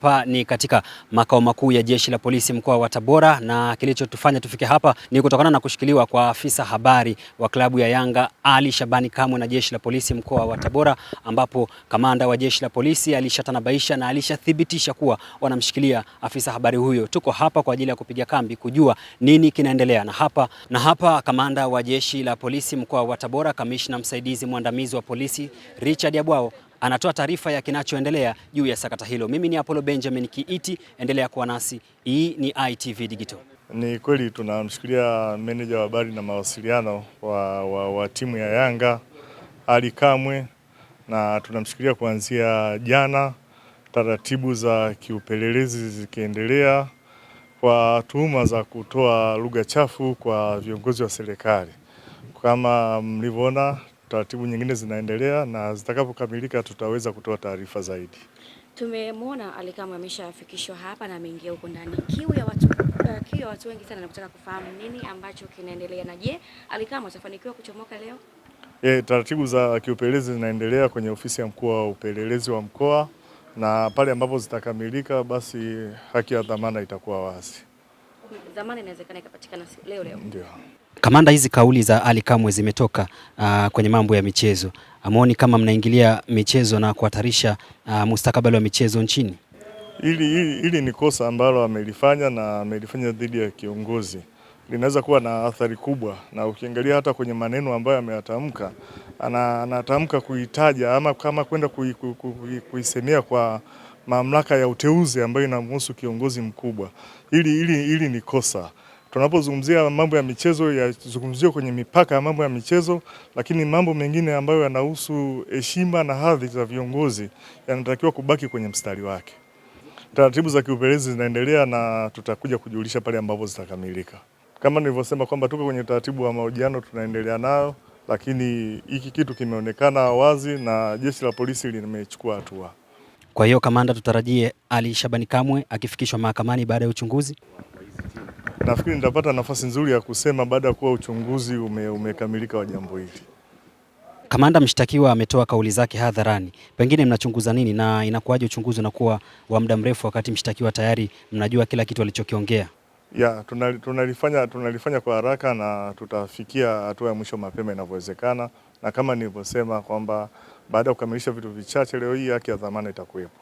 Hapa ni katika makao makuu ya Jeshi la Polisi mkoa wa Tabora, na kilichotufanya tufike hapa ni kutokana na kushikiliwa kwa afisa habari wa klabu ya Yanga Ali Shabani Kamwe na Jeshi la Polisi mkoa wa Tabora, ambapo kamanda wa Jeshi la Polisi alishatanabaisha na alishathibitisha kuwa wanamshikilia afisa habari huyo. Tuko hapa kwa ajili ya kupiga kambi kujua nini kinaendelea, na hapa na hapa kamanda wa Jeshi la Polisi mkoa wa Tabora, kamishna msaidizi mwandamizi wa polisi Richard Yabwao anatoa taarifa ya kinachoendelea juu ya sakata hilo. Mimi ni Apollo Benjamin Kiiti, endelea kuwa nasi. Hii ni ITV Digital. Ni kweli tunamshikilia meneja wa habari na mawasiliano wa, wa, wa timu ya Yanga Ali Kamwe na tunamshikilia kuanzia jana, taratibu za kiupelelezi zikiendelea kwa tuhuma za kutoa lugha chafu kwa viongozi wa serikali. Kama mlivyoona taratibu nyingine zinaendelea na zitakapokamilika tutaweza kutoa taarifa zaidi. Tumemwona Ally ameshafikishwa hapa na ameingia huko ndani, kiu ya watu uh, kiu ya watu wengi sana na kutaka kufahamu nini ambacho kinaendelea, na je, Ally atafanikiwa kuchomoka leo? E, taratibu za kiupelelezi zinaendelea kwenye ofisi ya mkuu wa upelelezi wa mkoa, na pale ambapo zitakamilika, basi haki ya dhamana itakuwa wazi. Dhamana inawezekana ikapatikana leo leo, ndio. Kamanda, hizi kauli za Ali Kamwe zimetoka uh, kwenye mambo ya michezo, amuoni kama mnaingilia michezo na kuhatarisha uh, mustakabali wa michezo nchini? Hili ni kosa ambalo amelifanya na amelifanya dhidi ya kiongozi, linaweza kuwa na athari kubwa, na ukiangalia hata kwenye maneno ambayo ameyatamka, anatamka kuitaja ama kama kwenda kuisemea kui, kui, kui kwa mamlaka ya uteuzi ambayo inamhusu kiongozi mkubwa. Hili ni kosa tunapozungumzia mambo ya michezo yazungumziwe kwenye mipaka ya mambo ya michezo, lakini mambo mengine ambayo yanahusu heshima na hadhi za viongozi yanatakiwa kubaki kwenye mstari wake. Taratibu za kiupelezi zinaendelea na tutakuja kujulisha pale ambapo zitakamilika. Kama nilivyosema kwamba tuko kwenye utaratibu wa mahojiano tunaendelea nayo, lakini hiki kitu kimeonekana wazi na jeshi la polisi limechukua hatua. Kwa hiyo, kamanda, tutarajie Ali Shabani Kamwe akifikishwa mahakamani baada ya uchunguzi. Nafikiri nitapata nafasi nzuri ya kusema baada ya kuwa uchunguzi ume, umekamilika wa jambo hili. Kamanda mshtakiwa ametoa kauli zake hadharani, pengine mnachunguza nini na inakuwaje uchunguzi unakuwa wa muda mrefu wakati mshtakiwa tayari mnajua kila kitu alichokiongea? Ya, tunalifanya, tunalifanya kwa haraka na tutafikia hatua ya mwisho mapema inavyowezekana, na kama nilivyosema kwamba baada ya kukamilisha vitu vichache leo hii haki ya dhamana itakuwepo.